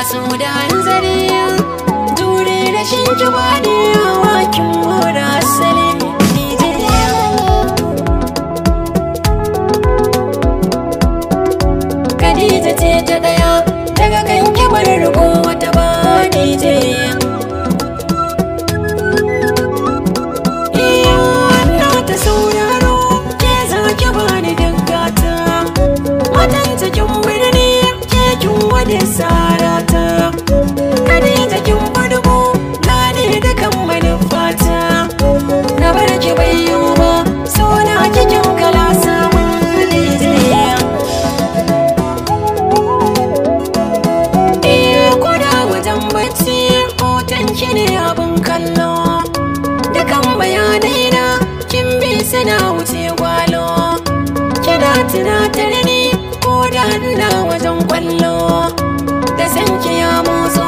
taso da hanzari Dure da shi jibani wakin mora asali Khadija ce ta kallo dukan bayanai na kin bi sana wuce gwalo kina tunatar ni ko da na wajen kwallo da san ya motso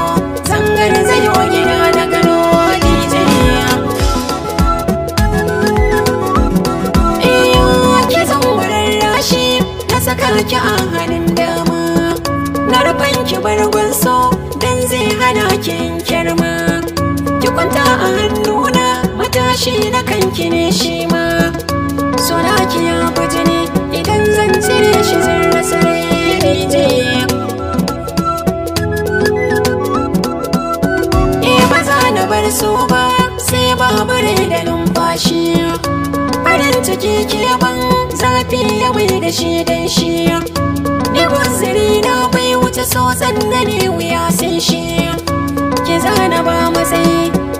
zangar zai gida na gano eh, Saka ki a hannun dama, na rufanki bargon so, don zai hana kin kirma. kwanta a hannuna matashi na kanki ne shi ma soraki ya baje ne idan zan cire shi zan rasa daidai e ba za na bar so ba sai babure da numfashi farin ciki ki ban zafi yawai bai da shi dan shi ni guzuri na bai wuce so ne wuya sai shi ki zana ba matsayi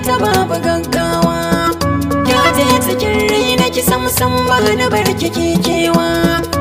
ta babu gaggawa ya je cikin rai na ki sam sam ba na bar kike kewa